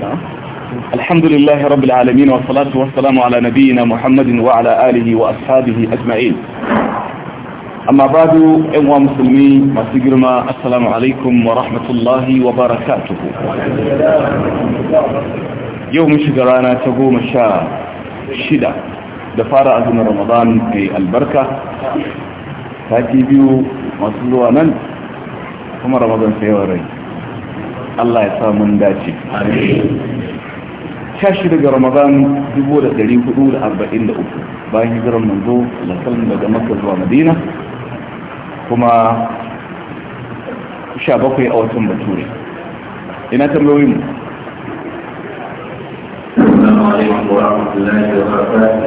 نعم. الحمد لله رب العالمين والصلاة والسلام على نبينا محمد وعلى آله وأصحابه أجمعين أما بعد أيها المسلمين ما تجرم السلام عليكم ورحمة الله وبركاته يوم شجرانا تقوم الشاء الشدة دفارة أزم رمضان في البركة تاتي بيو مصلوانا ثم رمضان في سيورين Allah ya sa mun dace shi daga ramadan 1443 bayan hijirar manzo lasalin daga makka zuwa madina kuma 17 a watan bature ina tambayoyi mu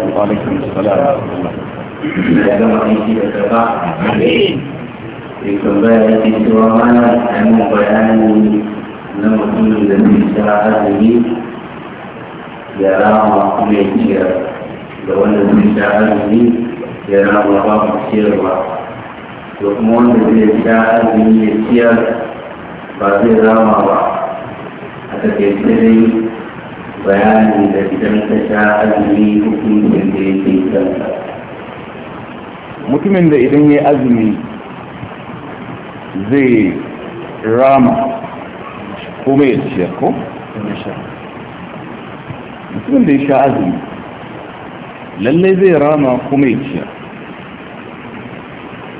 Wa'alaikun salam. Ya gama aiki da gaba. Amin. Ya tambaya da cewa mana an bayani إنما كل الذي شرع هذه يرى الله يسير لو الذي شرع هذه يرى الله يسير وكمون الذي شرع هذه يسير فهذه رامى الله أتكلم بيان الذي لم تشاء به حكم الذي mutumin da idan ya azumi zai rama komai ya ciyar ko? mutumin da ya sha azumi lallai zai rama kuma ya ciyar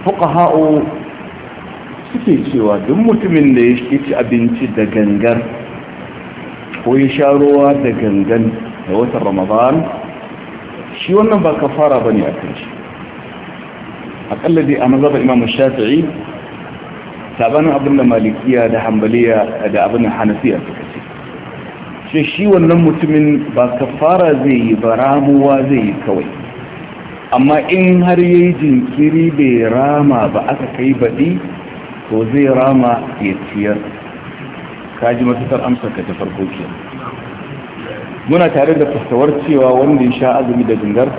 fuka ha'o suke cewa duk mutumin da ya ci abinci da gangar ko ya sha ruwa da gangan da watan ramadan shi wannan ba kafara ba ne a kan shi aƙalla dai a mazaba imam shafi'i sabanin abin da malikiya da hambaliya da abin da suka ce shi shi wannan mutumin ba kafara zai yi ba ramuwa zai yi kawai amma in har yi jinkiri bai rama ba aka kai baɗi to zai rama ya ciyar kaji matuƙar amsar ka ta farko ke muna tare da fastawar cewa wanda ya sha azumi da jingar?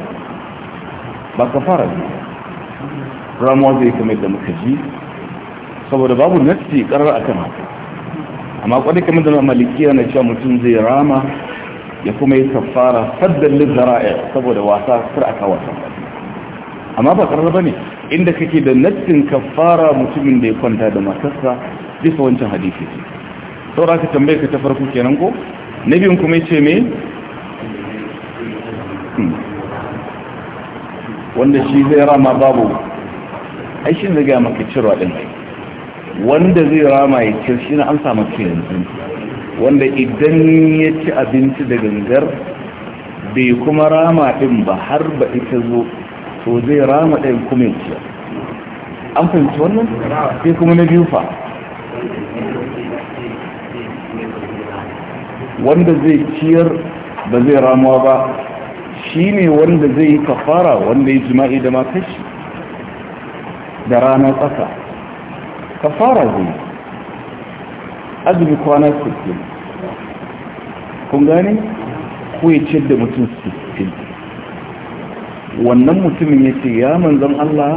ba kafara zai ramuwa zai kamar da muka ji saboda babu nassi karar kan haka amma kwadai kamar da malikiya na cewa mutum zai rama ya kuma yi kafara saddan lizara'i saboda wasa kar aka wasa amma ba karar ne. inda kake da nassin kafara mutumin da ya kwanta da matarsa bisa wancan hadisi saboda ka tambaye ka ta farko kenan ko na biyun kuma ce me hmm. wanda shi zai rama babu ai shi zai ga maka cirwa din wanda zai rama ya ce shi na an samu yanzu wanda idan ya ci abinci da gangar bai kuma rama din ba har ba ita zo to zai rama ɗin kuma ya an fahimci wannan sai kuma na biyu fa wanda zai ciyar ba zai ramuwa ba shi ne wanda zai yi kafara wanda ya jima'i da matashi da rana tsaka kafara zai azumi kwana 60 kun gane ko ya ce da mutum 60 wannan mutumin ya ce ya manzan Allah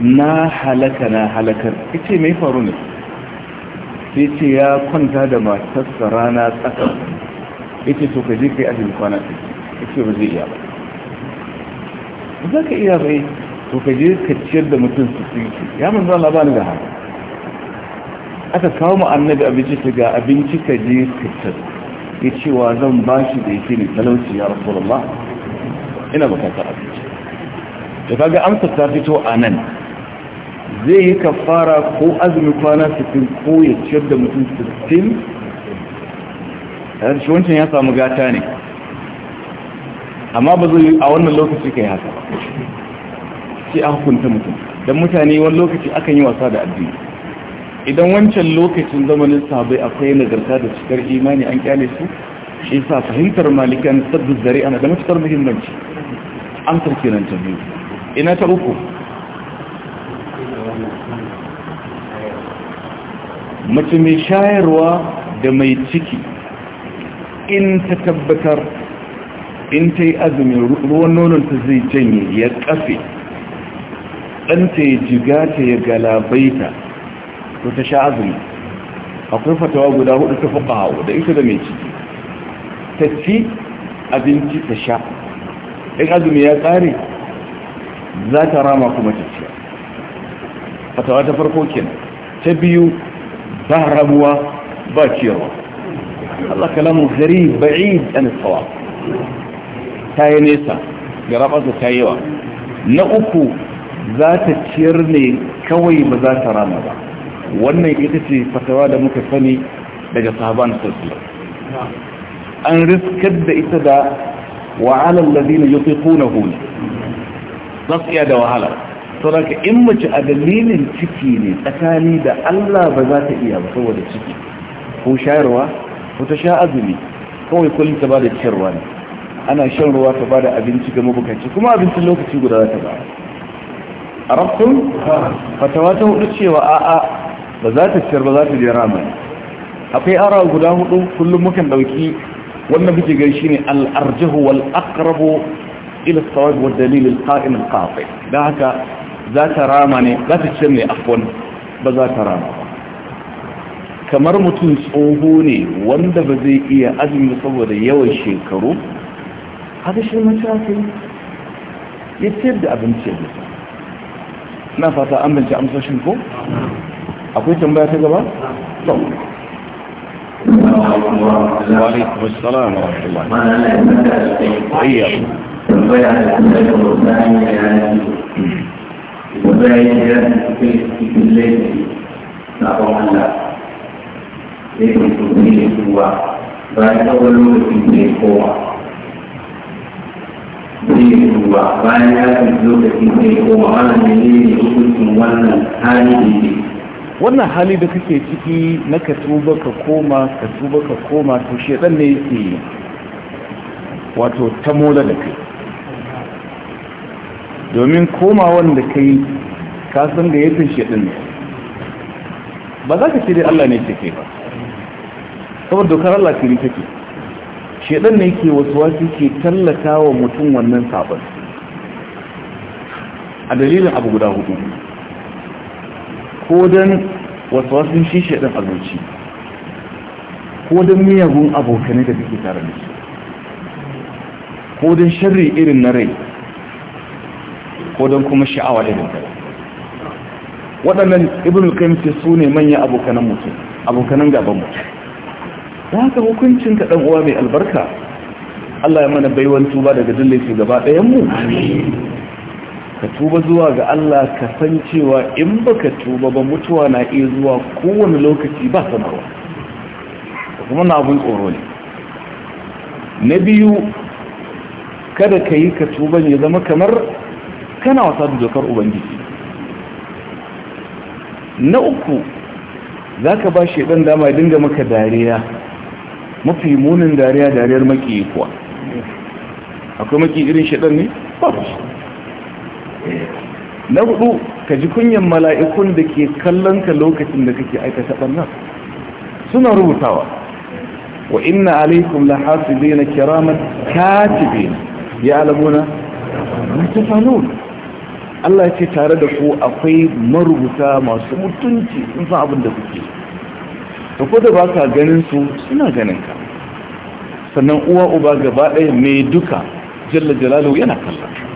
na halaka na halakar ita mai faru ne sai ce ya kwanta da matarsa rana tsakar ita to ka je kai azumi kwana 60 ita ba zai iya ba za ka iya bai eh. to ka je ka ciyar da mutum su tsinki ya mun Allah ba ni haka aka kawo mu annabi abinci ta ga abinci ka je ka ciyar ya cewa zan ba shi da yake ne talauci ya rasulullah ina bukata abinci da kaga amsa ta fito a nan zai yi kafara ko azumi kwana 60 ko ya ciyar da mutum 60 shi wancan ya samu gata ne amma ba zai a wannan lokaci kai haka sai an hukunta mutum don mutane wani lokaci akan yi wasa da addini idan wancan lokacin zamanin sahabai akwai nagarta da cikar imani an kyale su shi sa fahimtar malikan sabbin zare ana da matukar muhimmanci an tarke nan ta biyu ina ta uku mace mai shayarwa da mai ciki in ta tabbatar in ta yi azumin ruwan nonon ta zai janye ya kafe ɗanta ya jiga ta ya galabaita to ta sha azumi akwai fatawa guda hudu ta fuka hau da ita da mai ciki ta ci abinci ta sha in azumi ya tsare za ta rama kuma ta ciya fatawa ta farko kenan ta biyu ba rabuwa ba ciyarwa Allah kalamun gari ba'id ɗan tsawa ta yi nesa ga da ta yawa na uku za ta ciyar ne kawai ba za ta rana ba wannan ita ce fatawa da muka sani daga sahaban sosai an riskar da ita da wahalar lalina ya fi kuna na za su da wahala sauraka in mace a dalilin ciki ne tsakani da allah ba za ta iya ba saboda ciki ko shayarwa ko ta sha azumi kawai kullum ta ba da ciyarwa ne ana shan ruwa ta ba da abinci ga mabukaci kuma abincin lokaci guda za ta ba arabtun fatawa ta hudu cewa a'a ba za ta ciyar ba za ta je ramai akwai ara guda hudu kullum mukan dauki wannan muke gani shine al-arjahu wal aqrabu ila as-sawab wal dalil al-qa'im al-qati da haka za ta rama ne za ta ciyar ne afwan ba za ta rama kamar mutum tsoho ne wanda ba zai iya azumi saboda yawan shekaru haka shi matakin ya ciyar da abinci ya na fata an bince amsoshin ko akwai tambaya ta gaba? to وعليكم السلام ورحمة الله إياكم yake tuni da cewa bayan tsawon lokacin da ya kowa zai ba bayan ya fi lokacin da ya koma wannan ne ne hukuncin wannan hali da yake wannan hali da kake ciki na ka tuba ka koma ka tuba ka koma to shedan ne yake wato ta mola da kai domin komawan da kai ka san da yake shedan ne ba za ka ce dai Allah ne take ba saboda dokar Allah ce take shedan ne ke wasu wasu ke tallata wa mutum wannan sabon a dalilin abu guda hudu ko don wasu wasu shi shaɗin abinci ko don miyagun abokanai da suke tare da su ko don shirri irin na rai ko don kuma sha'awa irin ta waɗannan ibn al su ne manyan abokanan mutum abokanan gaban mutum da haka hukuncin ka ɗan'uwa uwa mai albarka Allah ya mana baiwan tuba daga su gaba ɗayan mu ka tuba zuwa ga Allah ka san cewa in baka tuba ba mutuwa na iya zuwa kowane lokaci ba sanarwa kuma na abin tsoro ne na biyu kada ka yi ka tuba ne zama kamar kana wasa da dokar ubangiji na uku za ka ba shi ɗan dama dinga maka dariya mafi munin dariya dariyar maki kuwa akwai maki irin shaɗan ne? ba na hudu ka ji kunyan mala'ikun da ke kallon ka lokacin da kake aikata ɓarnar suna rubutawa wa inna alaikum la na kiraman katibin ya alamuna ma Allah ce tare da ku akwai marubuta masu mutunci sun san abin da kuke da kuda ba ka ganin su suna ganin ka sannan uwa uba gaba ɗaya mai duka jalla jalalu yana kallon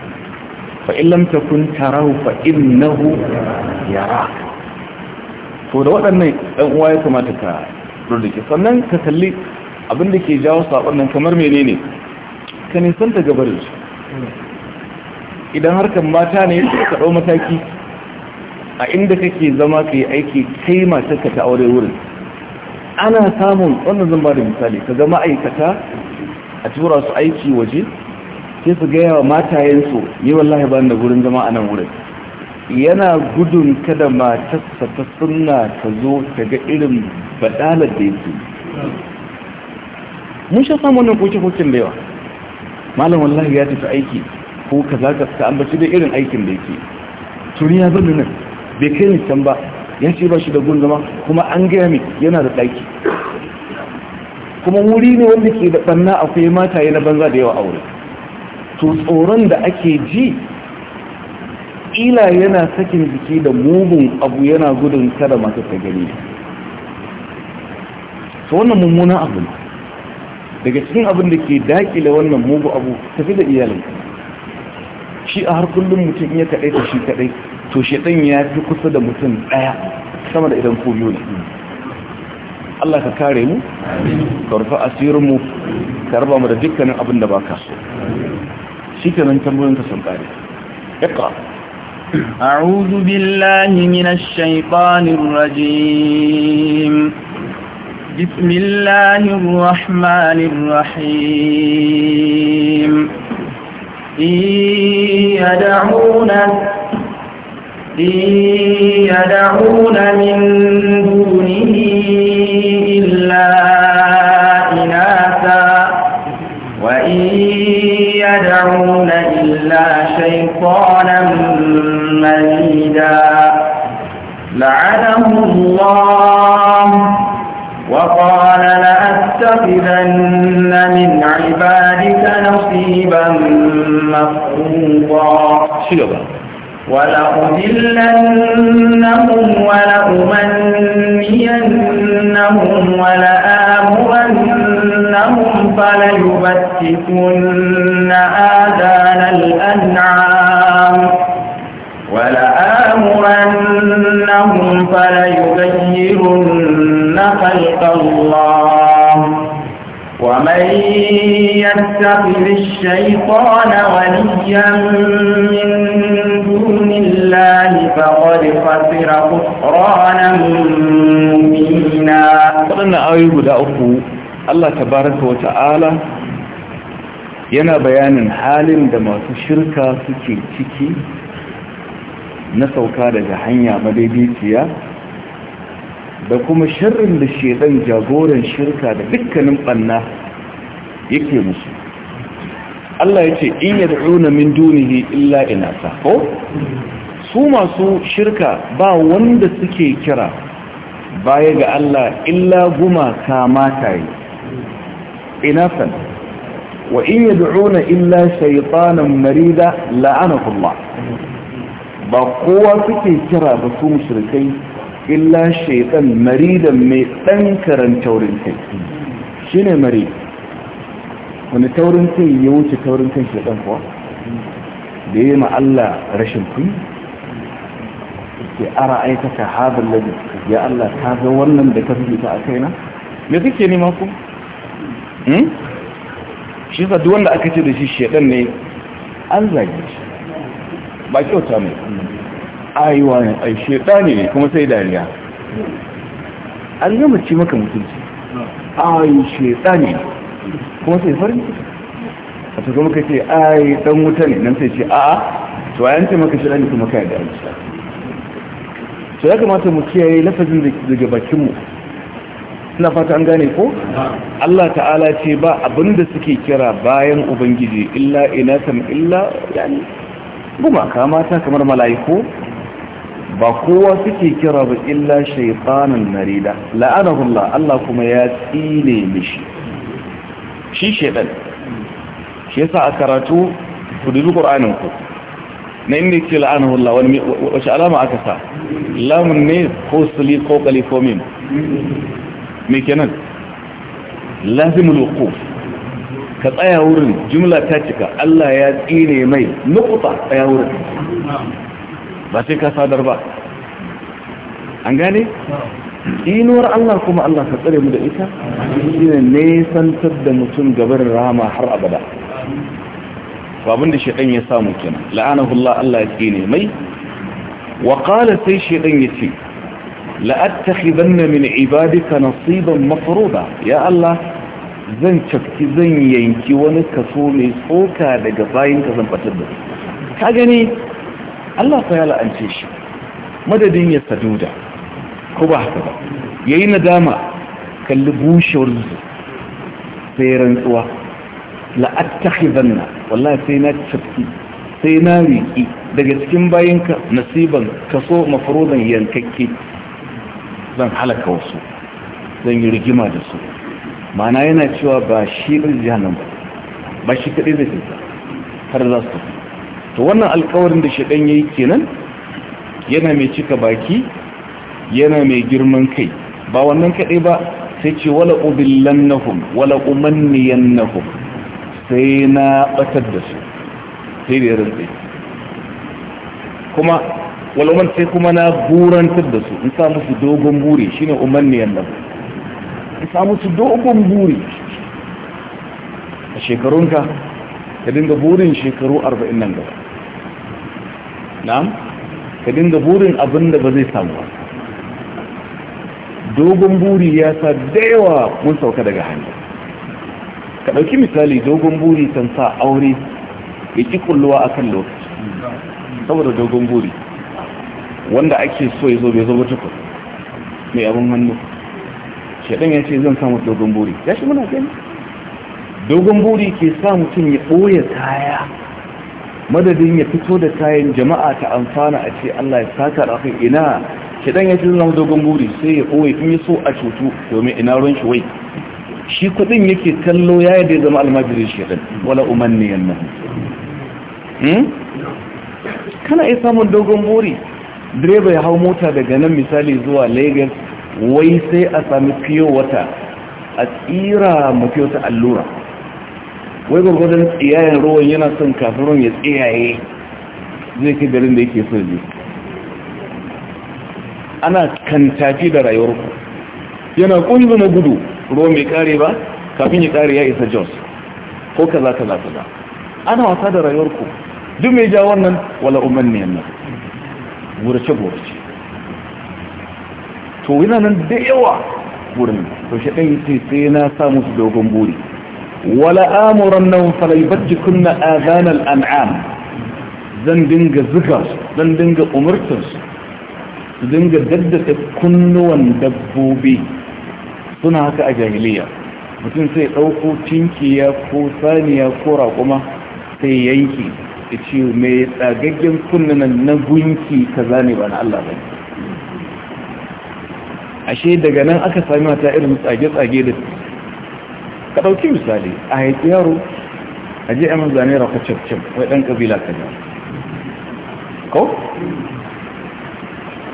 fa'in lam takun tarahu fa'in nahu yara to da waɗannan ɗan uwa ya kamata ka rurrike sannan ka kalli abin da ke jawo saɓon nan kamar menene ka nisanta gabar shi idan harkar mata ne ka ɗau mataki a inda kake zama ka yi aiki kai ka ta aure wurin ana samun wannan zan da misali ka ga ma'aikata a tura su aiki waje sai su gaya wa matayensu yi wallahi ba da gurin zama a nan wurin yana gudun kada matarsa ta suna ta zo ta ga irin badalar da yake mun sha samun wannan koke-koken da yawa malam wallahi ya tafi aiki ko ka za ka ta ambaci da irin aikin da yake turi ya zo nan bai kai ni can ba ya ce ba shi da gun zama kuma an gaya min yana da ɗaki kuma wuri ne wanda ke da ɓanna akwai mataye na banza da yawa a wurin to tsoron da ake ji ila yana sakin jiki da mugun abu yana gudun kada masu ta gani to wannan mummunan abu daga cikin abin da ke dakile wannan mugu abu tafi da iyalin shi a har kullum mutum ya kaɗai ta shi kaɗai to shaɗan ya fi kusa da mutum ɗaya sama da idan ko biyu ne Allah ka kare mu ka rufe asirinmu ka raba mu da dukkanin abin da ba ka so شكرا تنبوين كسنقاري اقرأ أعوذ بالله من الشيطان الرجيم بسم الله الرحمن الرحيم إي يدعون إي يدعون من دونه إلا لنتخذن من عبادك نصيبا مفروضا ولأذلنهم ولأمنينهم ولآمرنهم فليبتكن آذان الأنعام ولآمرنهم فليغيرن خلق الله ومن يتخذ الشيطان وليا من دون الله فقد خسر خسرانا مبينا waɗannan ayoyi guda uku Allah tabaraka wa ta'ala yana bayanin halin da masu shirka suke ciki na sauka daga hanya madaidaiciya da kuma shirin da shedan jagoran shirka da dukkanin banna yake musu Allah ya ce in yad'una min dunihi illa inasa ko su masu shirka ba wanda suke kira baya ga Allah illa guma yi. Ina inasan wa in yad'una illa shaytanan marida la'anahu Allah ba kowa suke kira ba su mushrikai illa shaitan maridan mai ɗan karan taurin kai shi ne mari wani taurin kai ya wuce taurin kai shaitan kuwa da yi Allah rashin kun ke ara aikata haɗin lagu ya Allah ta ga wannan da ka fi ta a kaina me suke nema ku hmm? shi sa duk wanda aka ce da shi shaitan ne an zage shi ba kyauta mai aiwa ne ai shedani ne kuma sai dariya an yi mace maka mutunci ai shedani ne kuma sai farin a tuka maka ce ai dan wuta ne nan sai ce a'a to a yance maka shedani kuma kai da aisha to ya kamata mu kiyaye lafazin daga bakinmu suna fata an gane ko? Allah ta'ala ce ba abinda suke kira bayan Ubangiji illa inatan illa yani gumaka mata kamar mala'iku ba kowa suke kira ba illa shaitanin narida la'anahullah Allah kuma ya tsine mishi shi shaitan shi yasa a karatu ku dubi qur'anin ku na inda ce la'anahullah wani wace alama aka sa lamun ne ko suli ko qali ko mim me kenan lazimul wuquf ka tsaya wurin jumla ta cika Allah ya tsine mai nuqta tsaya wurin ba sai ka sadar ba an gane inuwar Allah kuma Allah ka tsare mu da ita shine nesantar da mutum gaban rama har abada babin da shedan ya samu kenan la'anahu Allah Allah ya tsine mai wa qala sai shedan yace la'attakhidanna min ibadika nasiban mafruda ya Allah zan cakki zan yanki wani kaso mai tsoka daga bayin ka zan fatar da ka gani Allah sa ya la'ance shi madadin ya saduda ko ba haka ba yayi nadama kalli bushewar sai rantsuwa la'attakhidanna wallahi sai na tafi sai na riki daga cikin bayinka nasiban kaso mafrudan yankakke zan halaka wasu zan yi rigima da su mana yana cewa ba shi ɗin jihannan ba ba shi kaɗai da ke har za su tafi. to wannan alkawarin da shaɗan ya yi kenan yana mai cika baki yana mai girman kai ba wannan kaɗai ba sai ce wala ubillan nahum wala umanniyan nahum sai na ɓatar da su sai da ya rantse kuma wala man sai kuma na burantar da su in sa musu dogon buri shine umanniyan nahum in sa musu dogon buri a shekarunka ka dinga burin shekaru arba'in nan gaba na'am ka dinga burin abin da ba zai samu ba dogon buri ya sa da yawa mun sauka daga hannu. ka ɗauki misali dogon buri kan sa aure ya ki kulluwa a kan lokaci saboda dogon buri wanda ake so ya zo bai zo wata tukur mai abin hannu shaɗin ya ce zan samu dogon buri ya shi muna gani dogon buri ke sa mutum ya ɓoye kaya madadin ya fito da kayan jama'a ta amfana a ce Allah ya saka rafin ina kidan ya ji zama dogon buri sai ya ɓoye in ya so a cutu domin ina ruwan shi wai shi kudin yake kallo ya yi ya zama almajirin ɗin wala umarni yannan hmm? kana iya samun dogon buri direba ya hau mota daga nan misali zuwa lagos wai sai a sami fiye wata a tsira mafi allura wai gwagwadon tsiyayen ruwan yana son kafin ya tsiyaye zai ke garin da yake so ana ana kantafi da rayuwarku yana kunzu na gudu ruwan mai kare ba kafin ya kare ya isa jos ko kaza kaza kaza ana wasa da rayuwarku duk mai ja wannan wala umarni yannan wurce wurce to yana nan da yawa wurin to shaɗin ɗan sai na sa musu dogon buri wala amuran nan falaibarci kunna azanar an'am zan dinga zuga zan dinga umurtar su dinga daddasa kunnuwan dabbobi suna haka a jahiliya mutum sai ɗauko cinkiya ko saniya ko raƙuma sai yanki ya ce mai tsagaggen kunnunan na gunki ka zane ba na Allah ba ashe daga nan aka sami mata irin tsage-tsage da ka ɗauki misali a haifi yaro a je yamin zane raka cif wai ɗan ƙabila ka ne ko?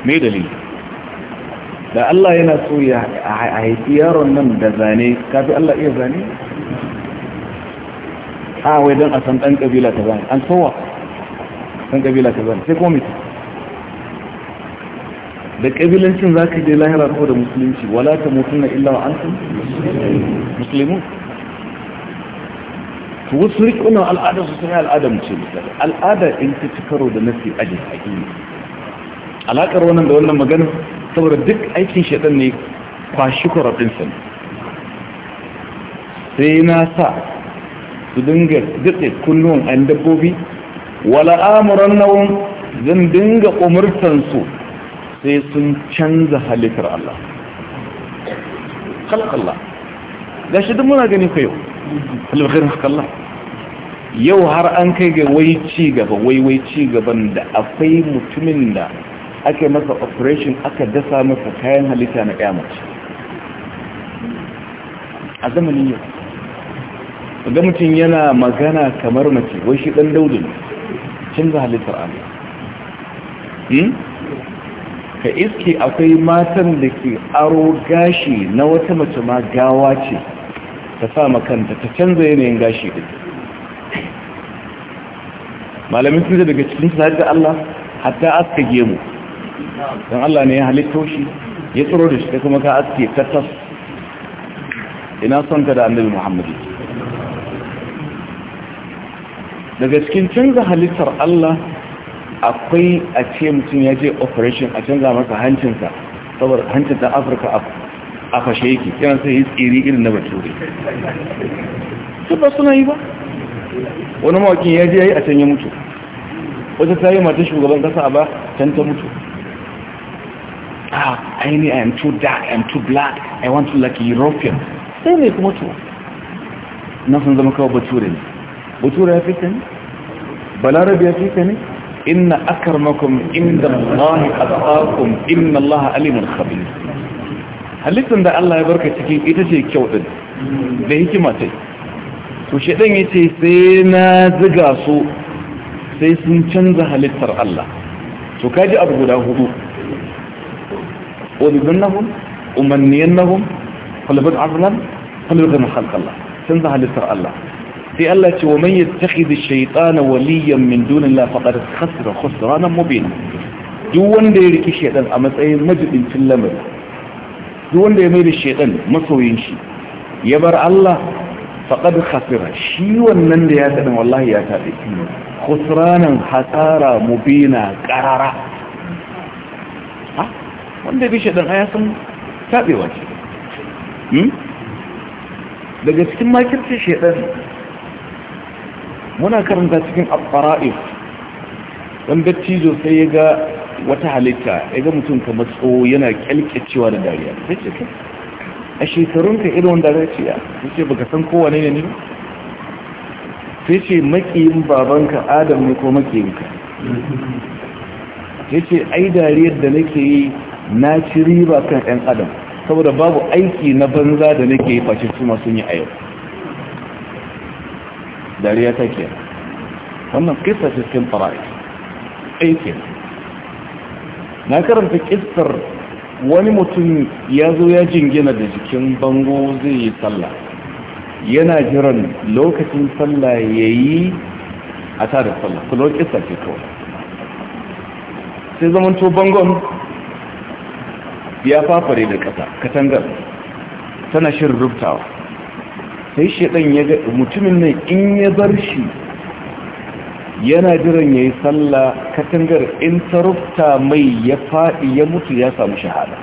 me dalili da Allah yana so ya haifi yaron nan da zane kafi Allah iya zane? a wai don a san ɗan ƙabila ta zane an sowa ɗan ƙabila ta zane sai komita da ƙabilancin za ka je lahira ko da musulunci wala ta mutum na an wa'ansu musulmi su wasu rikunan al'ada su sun yi al'ada mu ce misali al'ada in ta ci karo da nafi ajin haƙi alaƙar wannan da wannan magana saboda duk aikin shaɗan ne kwashi kwarafin sa sai na sa su dinga kullum kunnuwan yin dabbobi wala amuran nawon zan dinga umurtansu sai sun canza halittar Allah khalaqallah gashi duk muna gani fa halittar alkhairin yau har an kai ga wai ci gaba wai wai ci gaban da akwai mutumin da ake masa operation aka dasa masa kayan halitta na kyamaci a zamanin yau ga mutum yana magana kamar mace wai shi ɗan daudu ne canza halittar Allah hmm? ka iske akwai matan da ke aro gashi na wata mace ma gawa ce ta sa makanta ta canza yanayin gashi da malamin sun daga cikin sanar da Allah hatta aska gemu don Allah ne ya halitta shi ya tsoro da shi ta kuma ka aske ta tas ina son ka da annabi muhammadu daga cikin canza halittar Allah akwai a ce mutum ya je operation a canza masa hancinsa saboda hancin ta afirka a fashe yake yana sai yi tsiri irin na bature su ba suna yi ba wani mawakin ya je ya yi a can ya mutu wata ta yi mata shugaban kasa ba can ta mutu ah i i am too dark i am too black i want to like european sai ne kuma to na sun zama kawai bature ne bature ya fi ka ne balarabe ya fi ka ne inna akarmakum inda Allahi atqakum inna Allah alimun khabir halittar da Allah ya barka cikin ita ce kyau din da hikima ce to shedan yace sai na ziga su sai sun canza halittar Allah to kaji abu guda hudu وبيبنهم ومنينهم خلبت عضلا خلبت من خلق الله canza halittar Allah. sai Allah ce wa man yattakhidh ash shaitana waliyan min lafaɗar faqad khasira khusranan mubina duk wanda ya riki shaitan a matsayin cin lamari duk wanda ya maida shaitan masoyin shi ya bar Allah faqad khasira shi wannan da ya taɗin wallahi ya tabe ranar hasara mubina ƙarara wanda bi shaytan a yasan taɓewa ce hmm? daga cikin makirci shaytan muna karanta cikin al don dan dattijo sai ya ga wata halitta ya ga mutum kamar matso, yana cewa da dariya sai ce a shekarun ka irin wanda zai ce ya ce baka san kowa ne ne sai ce makiyin babanka adam ne ko ka sai ce ai dariyar da nake yi na ci riba kan 'yan adam saboda babu aiki na banza da nake yi fashe su masu yi a yau dariya take wannan kisa ce cikin fara'i aiki na karanta kistar wani mutum ya zo ya jingina da jikin bango zai yi sallah yana jiran lokacin sallah ya yi a tare sallah su lo kisa ce to sai to bangon ya fafare da ƙasa katangar tana shirin rubtawa sai shaidan ya ga mutumin nan in ya bar shi yana jiran ya yi sallah katangar in tarufta mai ya faɗi ya mutu ya samu shahada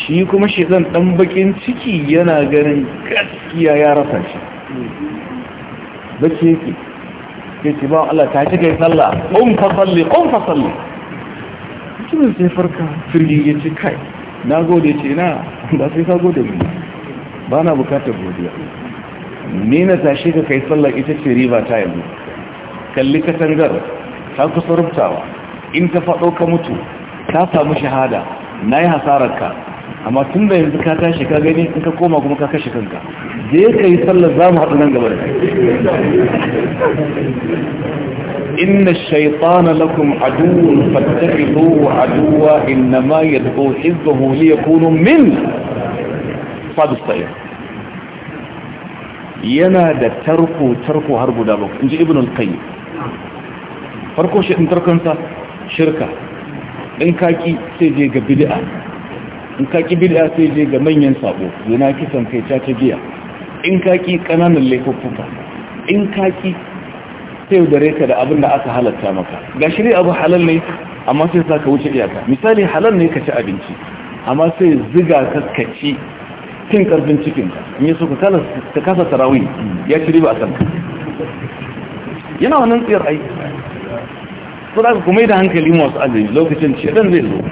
shi kuma shaidan ɗan bakin ciki yana ganin gaskiya ya rasa shi bace yake ke ce ba Allah ta cika yi sallah ƙun fasalli ƙun fasalli mutumin sai farka firgin ya ci kai na gode ce na ba sai ka gode mu ba na bukatar godiya ni na tashi ka kai sallar ita ce riba ta yanzu kalli katangar ta kusa rubtawa in ka faɗo ka mutu ka samu shahada na yi ka amma tun da yanzu ka tashi ka gani in ka koma kuma ka kashe kanka je ka yi sallar za mu haɗu nan gaba da kai inna shaitana lakum aduwwun fattaqihu ko innama yad'u hizbahu liyakunu min asfadus yana da tarko tarko har guda ba inji ibn al-qayyim farko shi in tarkonsa shirka in kaki sai je ga bid'a in kaki bid'a sai je ga manyan sabo yana kisan kai ta ta biya in kaki kananan laifuffuka in kaki sai da reka da abin da aka halatta maka ga shiri abu halal ne amma sai sa ka wuce iyaka misali halal ne ka ci abinci amma sai ziga kaskaci. cin karfin cikin in yi suka kala ta kasa tarawi ya ci riba a kan yana wannan tsayar ai su da kuma da hankali masu ajiye lokacin ce dan zai zo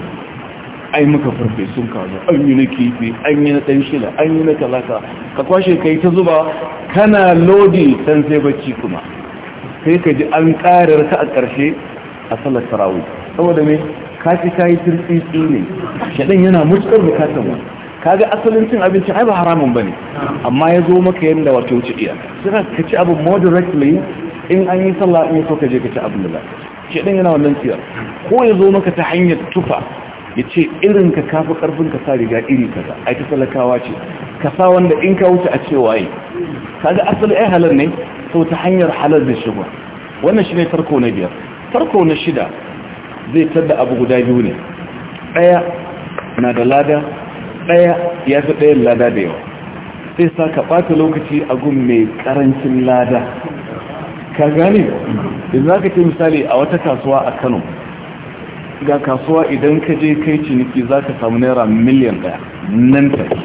ai muka farfe sun kawo an yi na kifi an yi na ɗan shila an yi na talaka ka kwashe ka yi ta zuba kana lodi san sai bacci kuma sai ka ji an ƙarar ka a ƙarshe a salar tarawi saboda me ka ci ka yi tirtsitsi ne shaɗan yana mutuƙar bukatar wani kaga asalin cin abinci ai ba haramun bane amma ya zo maka yanda wato wuce iya sai ka ci abu moderately in an yi sallah in so ka je ka ci abin da shi din yana wannan siyar ko ya zo maka ta hanyar tufa ya ce irin ka kafa karfin ka sa riga iri kaza ai ta talakawa ce ka sa wanda in ka wuce a ce waye kaga asali ai halal ne so ta hanyar halal da shigo wannan shine farko na biyar farko na shida zai tada abu guda biyu ne daya na da lada ɗaya ya fi ɗayan lada da yawa sai sa ka ɓata lokaci a gun mai ƙarancin lada ka gane da za ka ce misali a wata kasuwa a kano ga kasuwa idan ka je kai ciniki za ka samu naira miliyan ɗaya nan take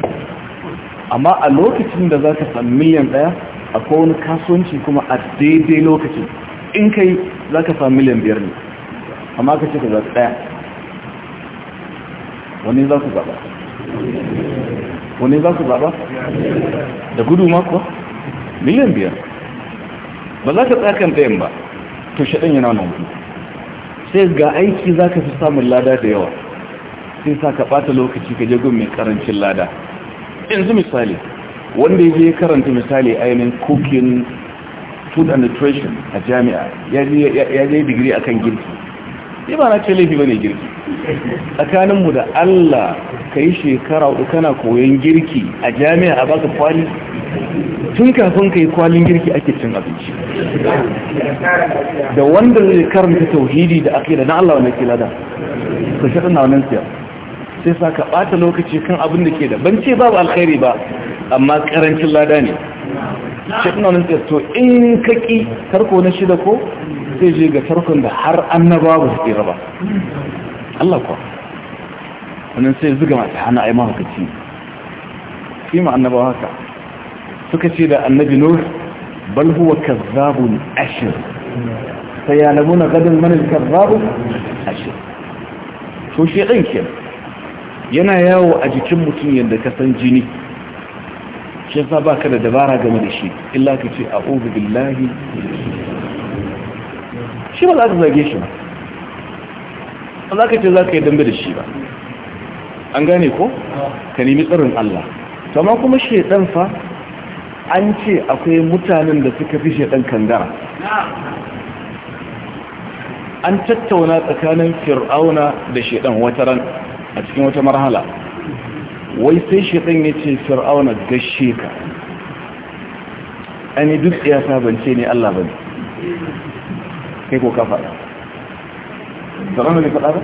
amma a lokacin da za ka samu miliyan ɗaya a kowane kasuwanci kuma a daidai lokacin in kai za ka samu miliyan biyar ne amma ka ce ka zaɓi ɗaya wani za ku zaɓa Wani za su zaɓa da gudu mako miliyan biyar ba za ka tsakan ɗayan ba to shaɗin yana nan sai ga aiki za ka fi samun lada da yawa sai sa ka ɓata lokaci ka jagun mai ƙarancin lada yanzu misali wanda ya karanta misali ainihin cooking food and nutrition a jami'a ya je digiri a kan girki ne ba na ce laifi ba ne girki tsakaninmu da allah ka yi shekara uku kana koyon girki a jami'a a baka kwali tun kafin ka yi kwalin girki ake cin abinci da wanda zai karanta tauhidi da akida na Allah wanda ke lada ka shaɗa na wannan siya sai sa ka ɓata lokaci kan abin da ke da ban ce babu alkhairi ba amma karancin lada ne shaɗa na wannan siya to in kaƙi tarko na shida ko zai je ga tarkon da har na ba su tsira ba Allah kuwa wannan sai zuga masu hana a yi mahaukaci shi ma annaba haka suka ce da annabi nur bal huwa kazzabun ashir sai ya lamu na gadin manin kazzabun ashir to shi ɗin yana yawo a jikin mutum yadda ka san jini shi yasa ba ka da dabara game da shi illa ka ce a ozu billahi shi ba za ka zage shi ba za ka ce za ka yi dambe da shi ba an gane ko ka nemi tsarin Allah amma kuma shedan fa an ce akwai mutanen da suka fi shedan kangara an tattauna tsakanin fir'auna da shedan wataran a cikin wata marhala wai sai shedan ya ce fir'auna gashe ka an yi duk ya sabance ne Allah bane kai ko kafa fir'auna ne faɗa ba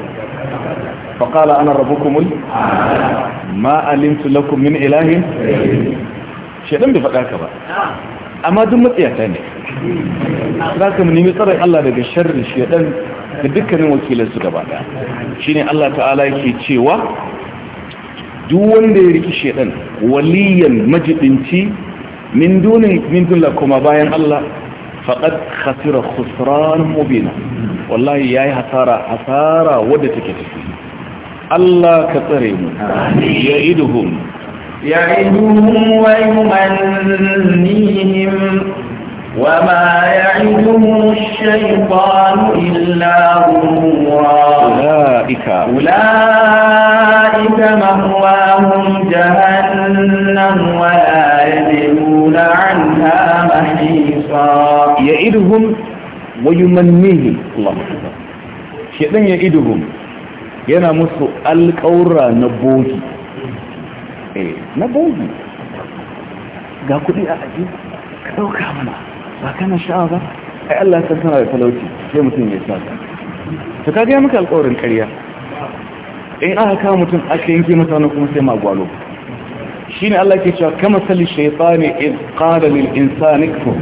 فقال أنا ربكم ما علمت لكم من إله shaidan bai faɗa ka ba amma duk matsiyata ne za ka mu nemi tsarar Allah daga sharrin shaidan da dukkanin wakilansu gaba ɗaya shi Allah ta'ala yake cewa duk wanda ya riki shaidan waliyan majibinci min dunin min dula kuma bayan Allah faqad khasira khusran mubina wallahi yi hasara hasara wadda take tafi Allah ka tsare mu ya iduhum ya iduhum wa وما يعدهم الشيطان إلا غرورا أولئك أولئك مهواهم جهنم ولا يجدون عنها محيصا يعدهم ويمنيهم الله أكبر شيطان يعدهم ينا مصر القورة na bogi قاكو دي أعجيب ga منها ba kana sha'awa ba ai Allah san tana da talauci sai mutum ya saka to kaga ya muka alƙawarin ƙarya in aka kawo mutum aka yanke masa wani kuma sai magwalo shine Allah ke cewa kama sali shaytani id qala lil insani kfur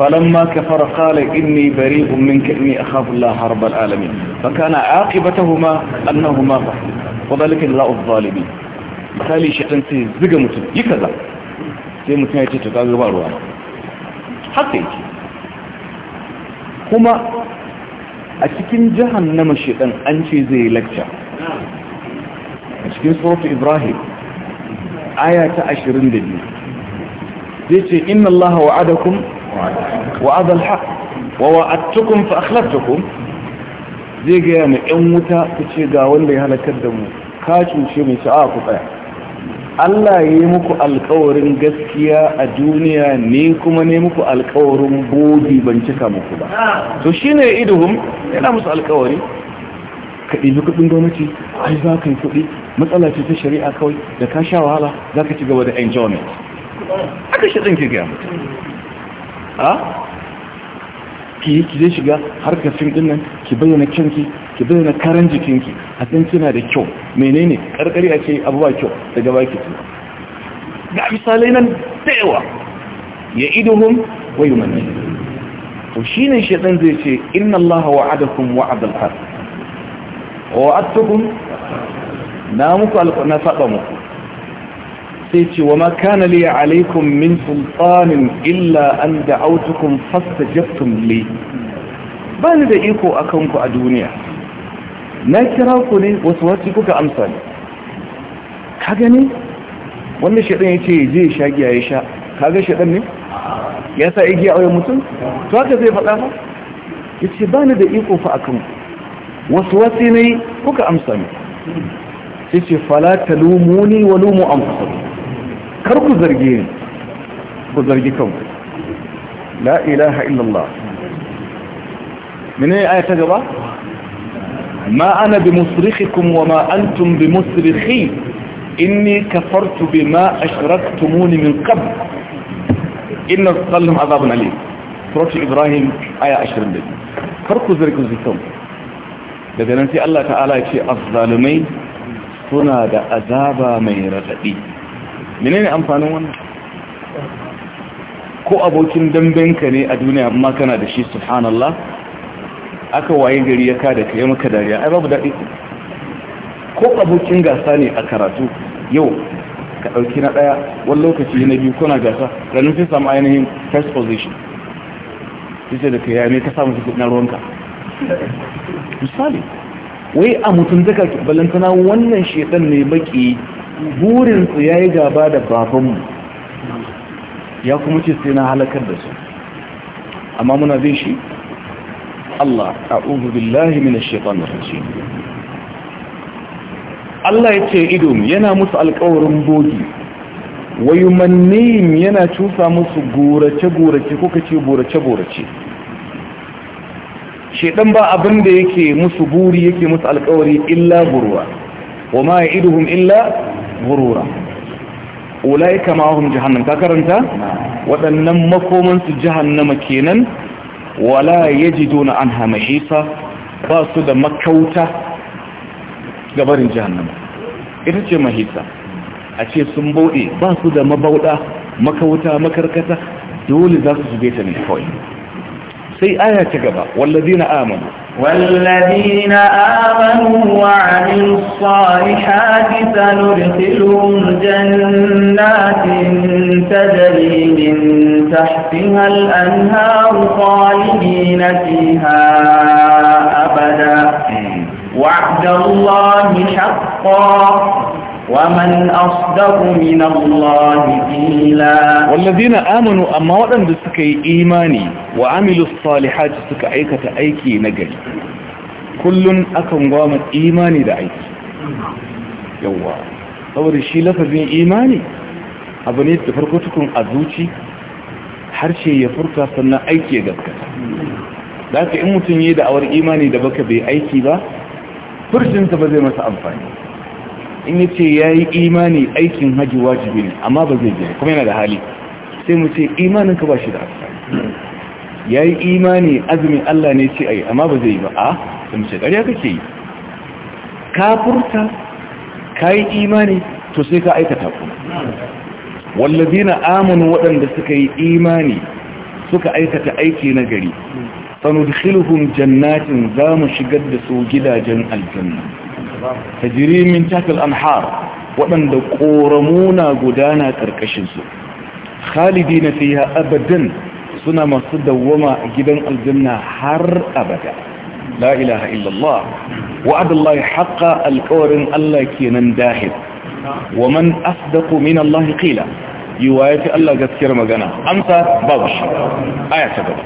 falamma kafara qala inni bari'un minka inni akhafu Allah rabbal alamin fa kana aqibatuhuma annahuma wadhalika jazaa'u adh-dhalimin misali shaytan sai ziga mutum yi kaza sai mutum ya ce to kaga ba ruwa haka yake kuma a cikin jahannama shedan an ce zai lakca a cikin suratu ibrahim aya ta 22 zai ce inna allaha wa'adakum wa'adal haq wa wa'adtukum fa akhlaftukum zai gaya mai yan wuta ta ce ga wanda ya halakar da mu kacin cuce mai sha'awa ku tsaya Allah ya yi muku alkawarin gaskiya a duniya ne kuma ne muku alkawarin bodi ban cika muku ba to shi ne iduhun yana musu alkawari ka ɗebi kuɗin gwamnati ai za ka yi kuɗi matsala ce ta shari'a kawai da ka sha wahala za ka ci gaba da enjoyment aka shi ɗin kirgiya mutu. Ha? Ah? ki yi ki shiga harkar fim ɗin nan ki bayyana kyanki ki na karan jikinki a san kina da kyau menene karkari a ce abuwa kyau daga baki ki ga misalai nan da yawa ya iduhum wa yumanni to shine ɗan zai ce inna allaha wa'adakum wa'adal haq wa'adtukum na muku alƙana saba muku sai ce wa ma kana li alaikum min sultanin illa an da'autukum fastajabtum li bani da iko akan ku a duniya na kira ku ne wasu wasu kuka amsa ne ka gani wanda shaɗin ya ce zai sha giya ya sha ka ga shaɗin ne ya sa igiya a wayan mutum to haka zai faɗa ba ya ce ba ni da iko fa a kan wasu wasu ne kuka amsa ne sai ce fala ta ni wa lumu an fasa kar ku zargi ne ku zargi kanku la ilaha illallah mene ne ta gaba ما أنا بمصرخكم وما أنتم بمصرخي إني كفرت بما أشركتموني من قبل إن الظلم عذاب عليم سورة إبراهيم آية 20 دي فرقوا زركوا زيتهم daga nan sai Allah ta'ala ce azzalumai suna da azaba mai raɗaɗi menene amfanin wannan ko abokin dambenka ne a duniya amma kana da shi subhanallah aka waye gari ya kada ka yi maka dariya ai babu daɗi ko abokin gasa ne a karatu yau ka ɗauki na ɗaya wani lokaci na biyu kuna gasa ranar sai samu ainihin first position sai da ka yame ka samu su na ruwanka misali wai a mutum zaka balantana wannan shedan ne baki burin su yayi gaba da babanmu ya kuma ce sai na halakar da su amma muna zai shi Allah a'udhu billahi minash shaitanir rajim Allah ya ce ido yana musu alƙawarin bogi wayumannihim yana cusa musu gorace-gorace ko kace gorace-gorace shedan ba abin da yake musu buri yake musu alƙawari illa gurwa wama ya'iduhum illa gurura ulaika ma hum jahannam ka karanta waɗannan makoman su jahannama kenan wala yajiduna anha mahisa ba su da makauta gabarin jihannama. ita ce mahisa a ce sun bude ba su da mabauda makauta makarkata dole za su shige ta ne kawai sai aya ta gaba na amanu والذين آمنوا وعملوا الصالحات سندخلهم جنات تجري من تحتها الأنهار خالدين فيها أبدا وعد الله حقا ومن أصدق من الله قيلا والذين آمنوا أما وأن بسكي إيماني وعملوا الصالحات سك أيكة أيكي نجل كل أكم قامت إيماني دعيك يوا أول شيء لفظين إيماني أبنيت تفرقتكم أزوتي harshe ya furta sannan aiki ya gaskata da ka in mutum yi da awar imani da baka bai aiki ba furcinsa ba zai masa amfani in ya ce ya yi imani aikin hajji wajibi ne amma ba zai biya kuma yana da hali sai mu ce imanin ka ba shi da asali ya yi imani azumin Allah ne ce ai amma ba zai yi ba a sun mu ce ƙarya kake yi kafurta ka yi imani to sai ka aikata ku wallazina amanu waɗanda suka yi imani suka aikata aiki na gari sanudkhiluhum jannatin za mu shigar da su gidajen aljanna tajiri min takal anhar waɗanda ƙoramu na gudana ƙarƙashinsu khalidi na fiya abadan suna masu dawwama a gidan aljanna har abada la ilaha illallah wa'adallahi haqqa alƙawarin Allah kenan dahil wa man asdaqu min Allah qila magana الله قد مغانا أنت بابش آية سبب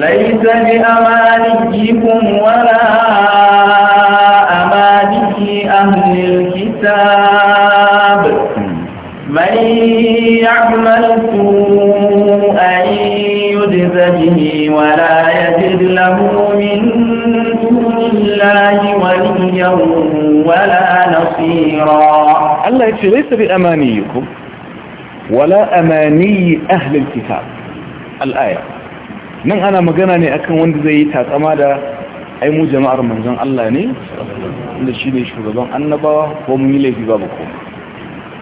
ليس بأمانيكم ولا مالك أهل الكتاب من يعمل سوءا يجز به ولا يجد له من دون الله وليا ولا نصيرا الله يقول ليس بأمانيكم ولا أماني أهل الكتاب الآية nan ana magana ne akan wanda zai yi tatsama da ai mu jama'ar manzon Allah ne inda shi ne shugaban annabawa ko mun yi laifi babu ko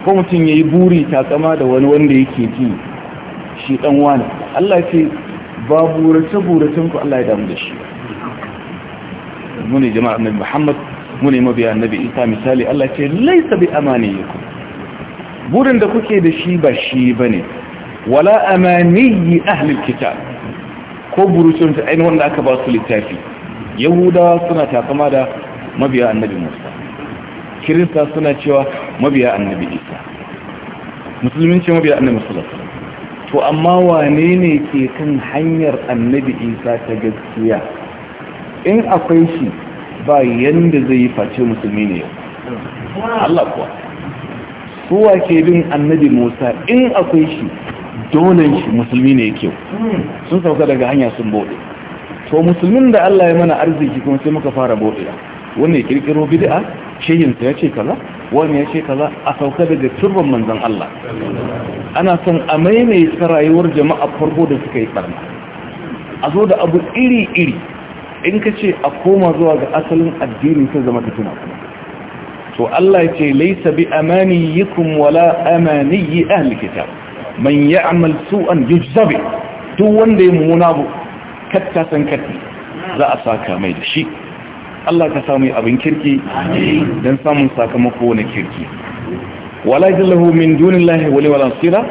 ko mutum ya yi buri takama da wani wanda yake ji shi dan wani Allah ce ba burace buracen ku Allah ya damu da shi mu ne jama'ar annabi Muhammad mu ne mabiya annabi Isa misali Allah ce laisa bi amaniyikum burin da kuke da shi ba shi bane wala amaniyi ahli kitab ko burucin ta ainihin wanda aka ba su littafi Yahuda suna takama da mabiya annabi musa kirista suna cewa mabiya annabi isa musulmin ce mabiya annabi musulun to amma wane ne ke kan hanyar annabi isa ta gaskiya in akwai shi ba yanda zai yi face musulmi ne Allah kuwa suwa ke bin annabi musa in akwai shi donan shi musulmi ne kyau sun sauka daga hanya sun bode to musulmin da Allah ya mana arziki kuma sai muka fara bodewa wannan ya kirkiro bid'a shehin ya ce kaza wani ya ce kaza a sauka daga turban manzon Allah ana son a maimaita rayuwar jama'a farko da suka yi barna a zo da abu iri iri in ka ce a koma zuwa ga asalin addini sai zama ta kuma to Allah ya ce laysa bi amaniyikum wala amaniyi ahli kitab man ya'mal su'an yujzabi duk wanda ya mumuna katta san katta za a saka mai da shi Allah ka samu abin kirki don samun sakamako na kirki wala jallahu min dunillahi wali wala sira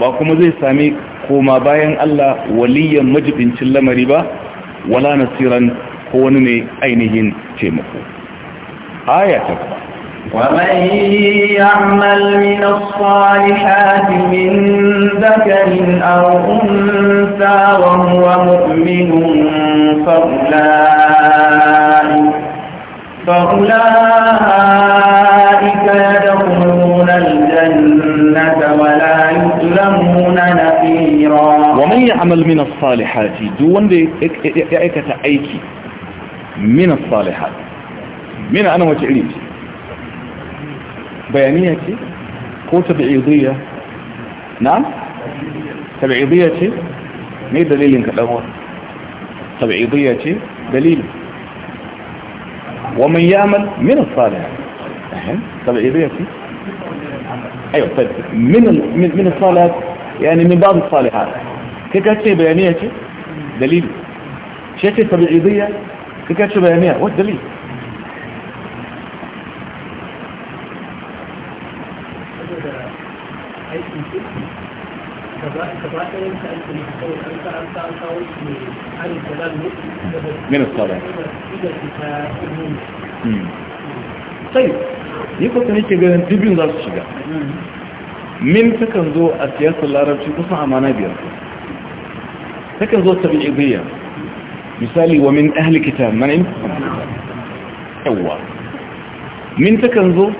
ba kuma zai sami koma bayan Allah waliyan majibincin lamari ba wala nasiran ko wani ne ainihin taimako Haya ta ومن يعمل من الصالحات من ذكر أو أنثى وهو مؤمن فأولئك, يدخلون الجنة ولا يظلمون نفيرا ومن يعمل من الصالحات دون ذلك أيكة أيكي من الصالحات من أنا وتعليمتي بيانية كو تبعيضية نعم تبعيضية ما دليل كالأول تبعيضية دليل ومن يعمل من الصالح أهم تبعيضية أيوة طيب من, من, من الصالح يعني من بعض الصالحات كيكاتي بيانية دليل شاكي تبعيضية كيكاتي بيانية والدليل من الصلاه طيب يكون تنيك جن دبن ذا الشيء من سكن ذو السياسه العربيه تصنع منابر سكن ذو التبعيضيه مثالي ومن اهل كتاب من انت هو من فكان ذو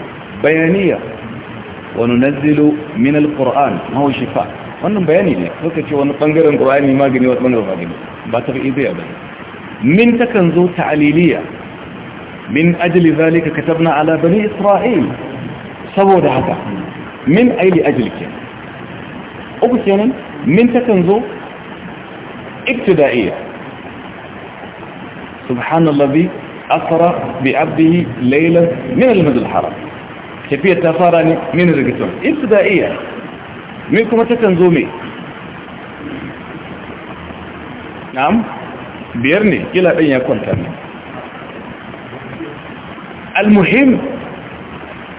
بيانيه وننزل من القران ما هو شفاء wannan bayani ne suka ce wani bangaren qur'ani magani wani bangaren magani ba ta fi ba min takan zo ta'aliliya min ajli zalika katabna ala bani isra'il saboda haka min aili ajli ke uku kenan min takan zo ibtida'iyya subhanallahi asra bi abdihi laylan min al-masjid al-haram kafiyat tafarani min al rigaton ibtida'iyya me kuma takan zo me na'am biyar ne kila ɗin ya kwanta ne almuhim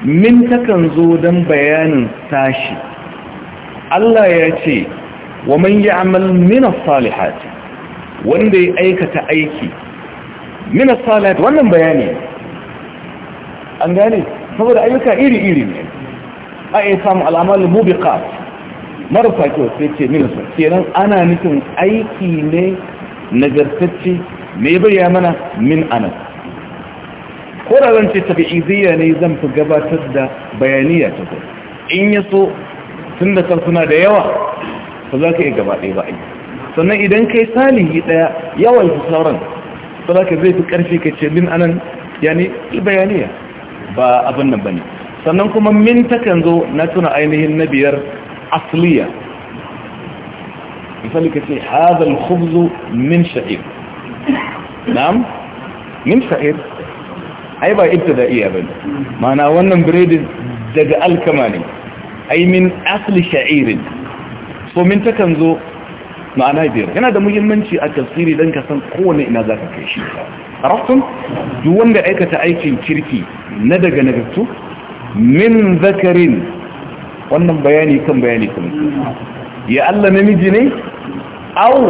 min takan zo don bayanin sashi Allah ya ce wa man yi amal as-salihat wanda ya aikata aiki min as-salihat wannan bayani an gane saboda ayyuka iri iri ne a iya samu al'amal mubiqat marasa kyau sai ce minasa kenan ana nufin aiki ne nagartacce me bayya mana min anan. ko da zan ce tabi'iziyya ne zan fi gabatar da bayaniya ta in ya so tun da suna da yawa ba za ka iya gaba ba aiki sannan idan kai salihi ɗaya yawan su sauran ba za ka zai fi ƙarfi ka ce min anan yani bayaniya ba abin nan ba ne sannan kuma min takan zo na tuna ainihin na biyar asliya misali ka ce hazal khubzu min sha'ir na'am min sha'ir ai ba ita da ibtida'iyya bane mana wannan biredin daga alkama ne ai min asli sha'irin so min takan zo ma'ana biyar yana da muhimmanci a tafsiri don ka san kowane ina za ka kai shi rafin duk wanda aikata aikin kirki na daga nagartu min zakarin wannan bayani kan bayani kan. ya Allah namiji ne au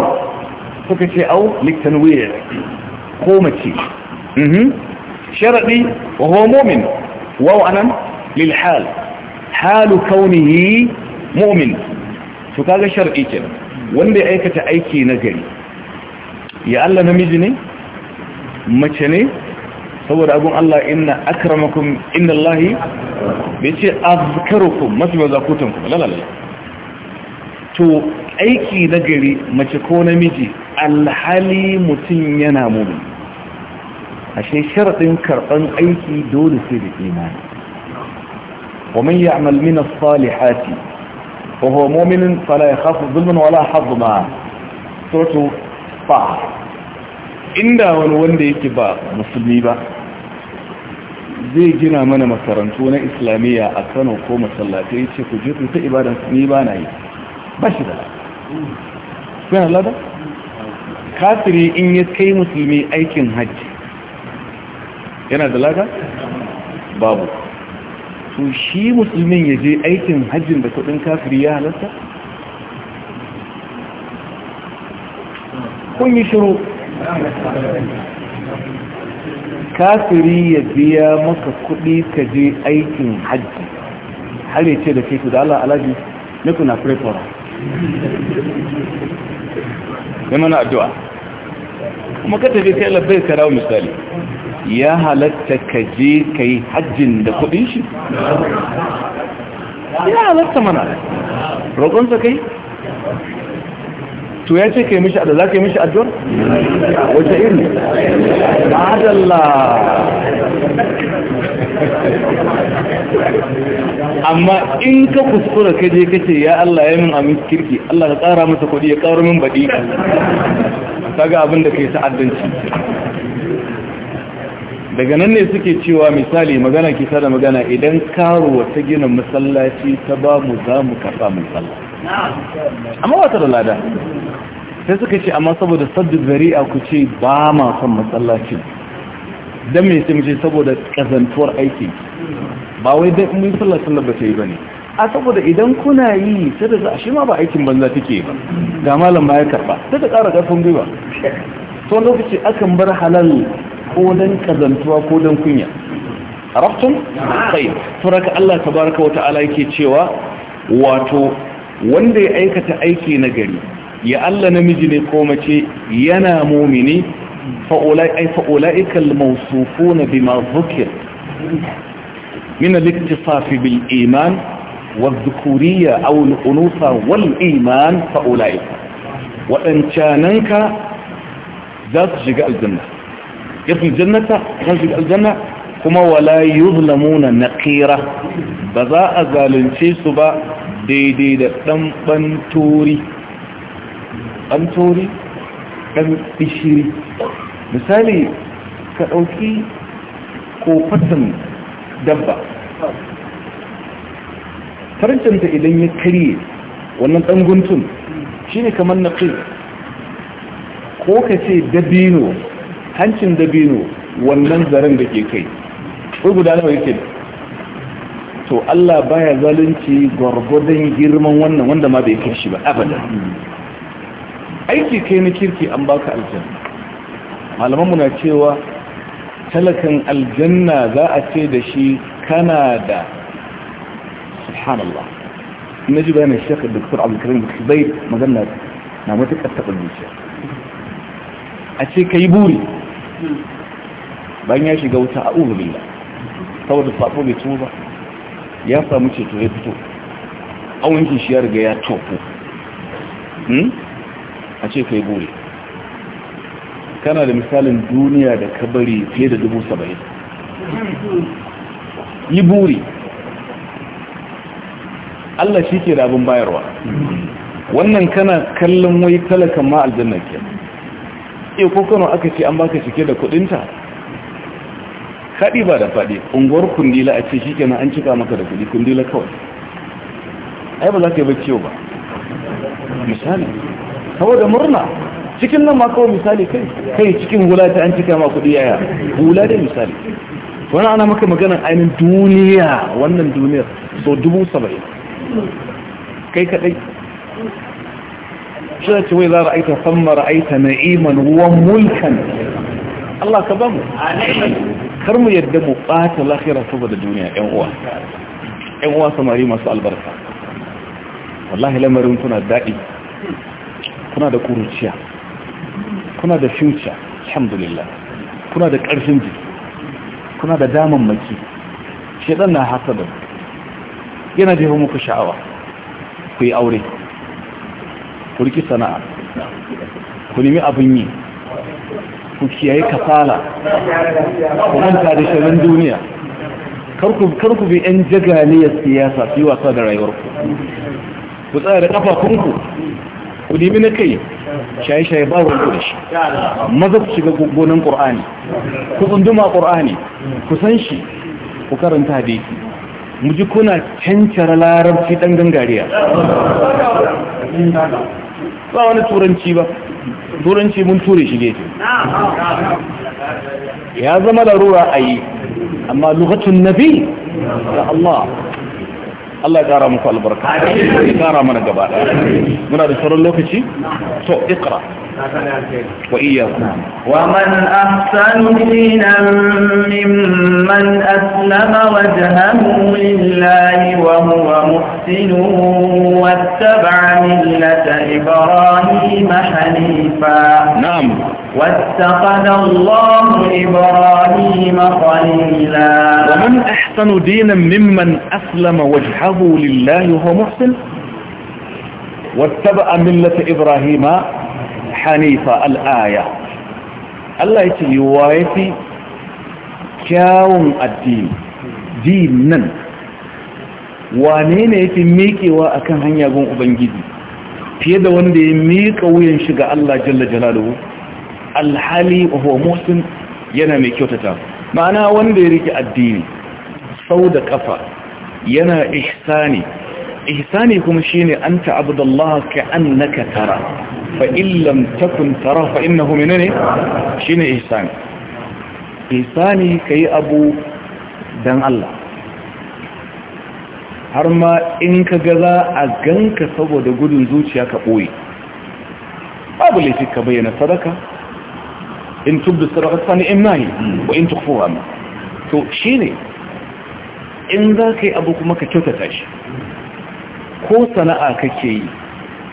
suka ce au Liktan liktanwiyar ko mace mhm. sharaɗi wa huwa mumin wau anan lil hal halu kaunihi mumin to kaga sharaɗi kenan wanda ya aikata aiki na gari ya Allah namiji ne mace ne saboda abin Allah inna akramakum inna Allah bai ce azkarukum mafi maza kutanku lalala to aiki na gari mace ko namiji alhali mutum yana mumin ashe sharadin karban aiki dole sai da imani wa man ya'mal min as-salihati wa huwa mu'min fala yakhafu dhulman wala hadma suratu fa inda wani wanda yake ba musulmi ba zai gina mana makarantu na islamiyya a kano ko masallatai ce ku je ta ibadan ni ba na yi ba shi da na lada kafiri in ya kai musulmi aikin hajji yana da lada babu su shi musulmin ya je aikin hajjin da kudin kafiri ya halatta kun yi shiru kafiri ya biya maka kuɗi ka je aikin hajji har ya ce da ke su da Allah alaji ne kuna prepara ne mana addu'a kuma ka tafi kai labbai ka rawo misali ya halatta ka je ka yi hajjin da kuɗin shi ya halatta mana roƙonsa kai to ya ce kai mishi addu'a za ka yi mishi addu'a wace iri ma'adalla amma in ka kuskura ka je kace ya Allah ya min amin kirki Allah ka tsara masa kudi ya kawar min baɗi kaga abin da kai sa'addanci daga nan ne suke cewa misali magana kisa da magana idan karuwa ta gina masallaci ta ba mu za mu kafa musalla amma wata da lada sai suka ce amma saboda saddu zari'a ku ce ba ma son matsalaci don mai sai mace saboda ƙazantuwar aiki ba wai don mun sallar sallar ba ta yi ba ne a saboda idan kuna yi sai da za a shi ma ba aikin banza take ba ga malam ba ya karba sai da ƙara ƙarfin gwiwa to lokaci akan bar halal ko don ƙazantuwa ko don kunya arabtum tayyib to raka Allah tabaraka wa ta'ala yake cewa wato wanda ya aikata aiki na gari ya الله namiji ne ينا مؤمني yana فأولئك الموصوفون بما ذكر من الاكتصاف بالإيمان والذكورية أو الأنوثة والإيمان فأولئك وإن كاننك ذات جاء الجنة يدخل الجنة يدخل الجنة كما ولا يظلمون نقيرة بذاء ذالنشيس با ديدي دي دم بنتوري ɗan tori ɗan bishiri misali ka ɗauki kofatan dabba farcanta idan ya karye wannan ɗan guntun shi ne kamar na ko ka ce dabino hancin dabino wannan zaren da ke kai ko guda nawa yake to Allah baya zalunci gwargwadon girman wannan wanda ma bai kai shi ba abada aiki kai na kirki an baka aljanna malamanmu na cewa talakan aljanna za a ce da shi kana da subhanallah na ji bayanin shekar da kusur abdulkarim da zai magana na matuƙar taɓa zuciya a ce ka yi buri bayan ya shiga wuta a urbila saboda faɗo bai tuwo ba ya samu ceto ya fito awon shi ya riga ya tofo hmm? a ce kai buri kana da misalin duniya da kabari fiye da dubu saba'in yi buri Allah shi ke da abin bayarwa wannan kana kallon wai talakan ma aljanna ke iya kokano aka ce an baka cike da kudinta haɗi ba da faɗi unguwar kundila a ce shi kenan an cika maka da kudi kundila kawai ai ba za ka yi bacciyo ba misali saboda murna cikin nan ma kawai misali kai kai cikin hula ta an cika ma kuɗi yaya hula dai misali wani ana maka maganar ainihin duniya wannan duniyar so dubu saba'in kai kaɗai shi da ce wai za ra'aita samma ra'aita na'iman ruwan mulkan Allah ka bamu kar mu yadda mu ɓata lahira saboda duniya 'yan uwa Yan uwa samari masu albarka wallahi lamarin tuna daɗi kuna da kuruciya kuna da future alhamdulillah kuna da ƙarfin jiki kuna da damammaki shedan na hasada yana jefa muku sha'awa ku yi aure ku riki sana'a ku nemi abin yi ku kiyaye kasala ku manta da shirin duniya karku bi 'yan jagaliyar siyasa su wasa da rayuwarku ku tsaya da ƙafafunku ku nemi na kai shaye-shaye ba wani da shi maza ku shiga gonan ƙur'ani ku tsunduma ƙur'ani ku san shi ku karanta yake mu ji kuna cancara larabci ɗan gangariya ba wani turanci ba turanci mun ture shi ne ya zama larura a yi amma lokacin nabi da Allah الله يقرا مكو البركه يقرا من غبا من رسول الله كشي تو اقرا ومن احسن دينا ممن اسلم وجهه لله وهو محسن واتبع مله ابراهيم حنيفا نعم واتخذ الله إبراهيم خليلا ومن أحسن دينا ممن أسلم وجهه لله وهو محسن واتبع ملة إبراهيم حنيفة الآية الله يتي وايتي kyawun addini wane ne yake miƙewa akan hanya gun ubangiji fiye da wanda ya miƙa wuyan shiga Allah jalla jalaluhu alhali wa huwa yana mai kyautata ma'ana wanda ya rike addini sau da kafa yana ihsani ihsani kuma shine an ta'budu ka annaka tara fa in lam takun tara fa innahu minni shine ihsani ihsani kai abu dan Allah har ma in ka ga za a ganka saboda gudun zuciya ka boye babu laifi ka bayyana sadaka in tubdu sadaqata ni'ma ne wa in tukhfuha ma to shine in za ka yi abu kuma ka kyautata shi ko sana'a kake yi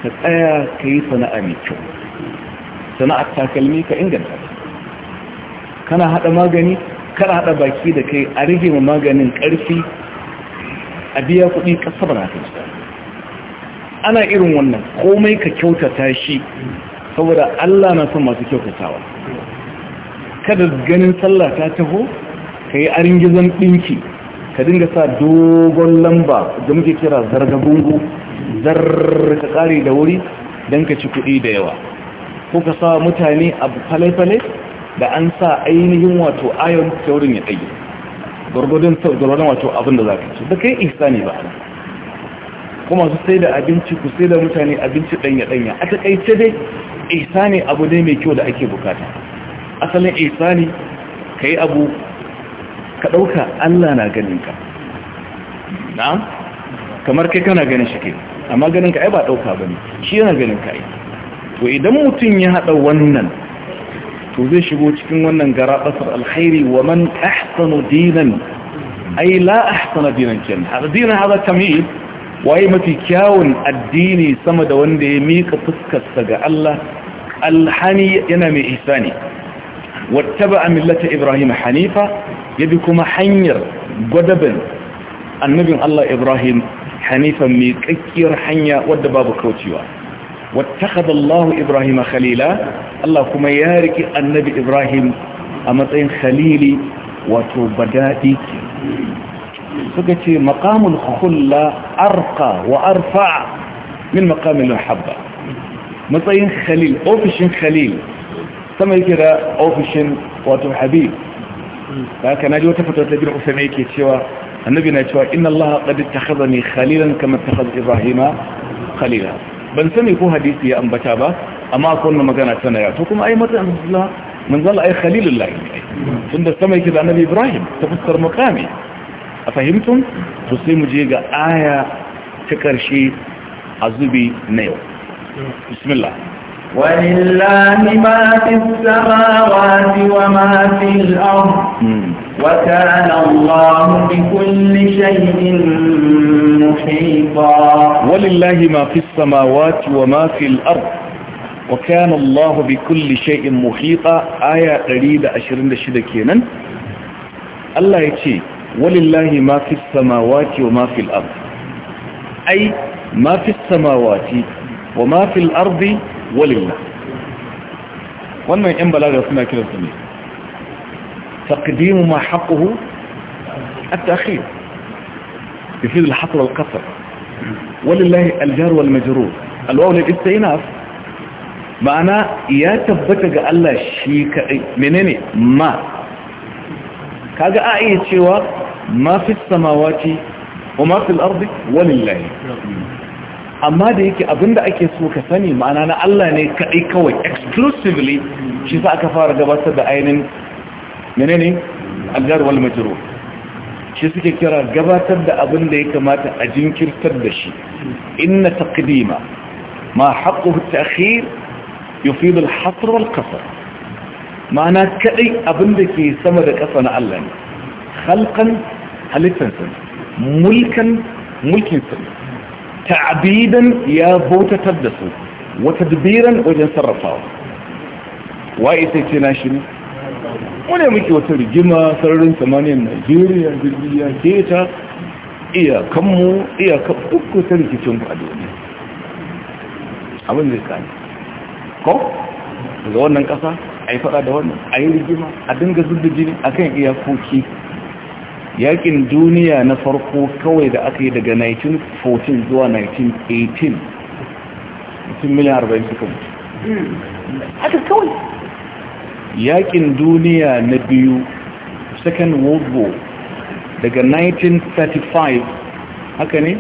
ka tsaya ka yi sana'a mai kyau sana'ar takalmi ka inganta kana hada magani kana hada baki da kai a rage ma maganin karfi a biya kuɗi ƙasa ba na ana irin wannan komai ka kyautata shi saboda Allah na son masu kyautatawa kada ganin sallah ta taho ka yi gizon ɗinki ka dinga sa dogon lamba da muke kira zarga gungu ƙari da wuri don ka ci kuɗi da yawa ko ka sa mutane a falai-falai da an sa ainihin wato ayon saurin ya ɗage gwargwadon gwargwadon wato abin da za ka ci da kai ihsani ba kuma su sai da abinci ku sai da mutane abinci ɗanya-ɗanya a taƙaice dai ne abu ne mai kyau da ake bukata asalin isani ka yi abu ka ɗauka allah na ganinka na? kamar kai kana ganin shi ke amma ganinka ai ba ɗauka ba ne shi yana ganinka ai to idan mutum ya haɗa wannan to zai shigo cikin wannan gara ɓasar alkhairi wa man ahsanu dinan ai la ahsana dinan kin haɗa dinan hada tamyiz waye mafi kyawun addini sama da wanda ya mika fuskarsa ga Allah alhani yana mai ihsani wattaba millata ibrahim hanifa ya bi kuma hanyar gwadaban annabin Allah ibrahim hanifa mai kakkiyar hanya wadda babu kaucewa wattakhadha Allah ibrahim khalila Allah kuma ya riki annabi ibrahim a matsayin khalili wato badadi suka ce maqamul khulla arqa wa arfa min maqamil mahabba matsayin khalil ofishin khalil sama yake da ofishin wato habib da haka na ji wata fatar ta jirgin usama yake cewa annabi na cewa inna allah qad ittakhadha ni khalilan kama ittakhadha ibrahima khalila ban sani ko hadisi ya ambata ba amma akwai wannan magana tana ya to kuma ai mata Allah manzo Allah ai khalilullah tunda sama yake da annabi ibrahim tafassar maqami a fahimtum to sai mu je ga aya ta karshe azubi na yau bismillah ولله ما في السماوات وما في الأرض وكان الله بكل شيء محيطا ولله ما في السماوات وما في الأرض وكان الله بكل شيء محيطا آية قريبة أشرين لشدة كينا الله يتشي ولله ما في السماوات وما في الأرض أي ما في السماوات وما في الأرض walilla wannan yan balaga suna kiransu ne taqdimu ma haqquhu at-ta'khir يفيد الحصر والقصر ولله الجار والمجرور الواو للاستئناف ma'ana ya تبتا ga Allah shi kai menene ma kaga a iya cewa ma fi samawati wa ma fi al-ardi walillahi amma da yake abinda ake so ka sani ma'ana na Allah ne kaɗai kawai exclusively shi sa aka fara gabatar da ainihin menene aljarwal majiro shi suke kira gabatar da abin da ya kamata a jinkirtar da shi inna taqdima ma haqquhu ta'khir yufid al-hasr wal-qasr ma'ana kaɗai abinda ke sama da ƙasa na Allah ne khalqan halittan mulkan mulkin sa ta'abidan ya bautatar da su wata dubiran wajen sarrafawa wa ita ce na shi ne wane muke wata rigima sararin samaniyar najeriya jirgiya keta iyakanmu iyakan uku ta rikicin ba a duniya abin zai kani ko daga wannan kasa a yi fada da wannan a yi rigima a dinga zubda jini a kan iyakoki yakin duniya na farko kawai da aka yi daga 1914 zuwa 1918 mutum miliyan 40 suka hmm. aka kawai yakin duniya na biyu second world war daga 1935 haka ne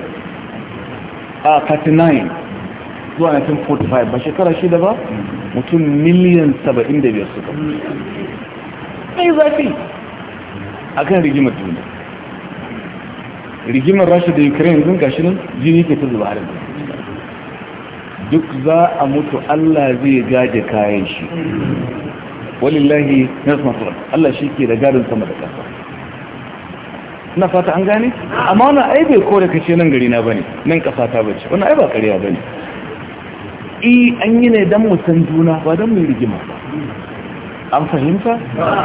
a 39 zuwa 1945 ba shekara shida ba mutum miliyan 75 suka mai hmm. zafi akan rigimar juna rigimar rasha da ukraine zun gashi nan jini ke ta zuba harin duk za a mutu allah zai gaje kayan shi walillahi nasmasu allah shi ke da gadon sama da ƙasa na fata an gane amma wani ai bai kore kace nan gari na bane nan ƙasa ta bace wani ai ba ƙarya bane i e, an yi ne dan mu san juna ba dan mai rigima ba an fahimta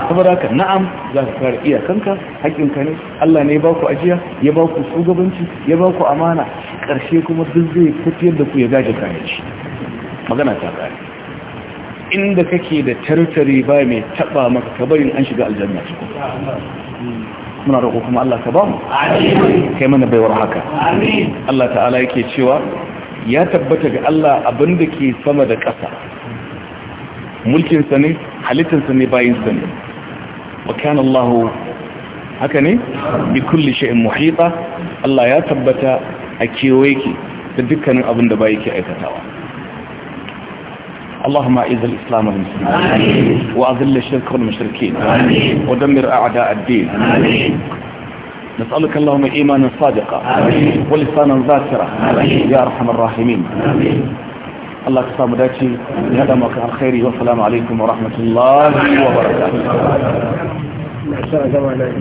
saboda ka na'am za ka kare iyakanka haƙƙinka ne Allah ne ya ba ku ajiya ya ba ku shugabanci ya ba ku amana Karshe kuma duk zai tafiyar da ku ya gaje kayan shi magana ta kare inda kake da tartare ba mai taɓa maka kabarin an shiga aljanna cikin muna roƙo kuma Allah ka ba mu kai mana baiwar haka Allah ta'ala yake cewa ya tabbata ga Allah abinda ke sama da ƙasa mulkinsa ne halittarsa ne bayinsa ne wa kana Allah haka ne bi kulli shay'in muhita Allah ya tabbata a kewaye ki da dukkanin abin da bai yake aikatawa اللهم اعز الإسلام والمسلمين وأذل الشرك والمشركين آمين. ودمر أعداء الدين آمين. نسألك اللهم إيمانا صادقا آمين. ولسانا ذاكرا يا أرحم الراحمين الله تصاب داتي يهدمك الخير والسلام عليكم ورحمة الله وبركاته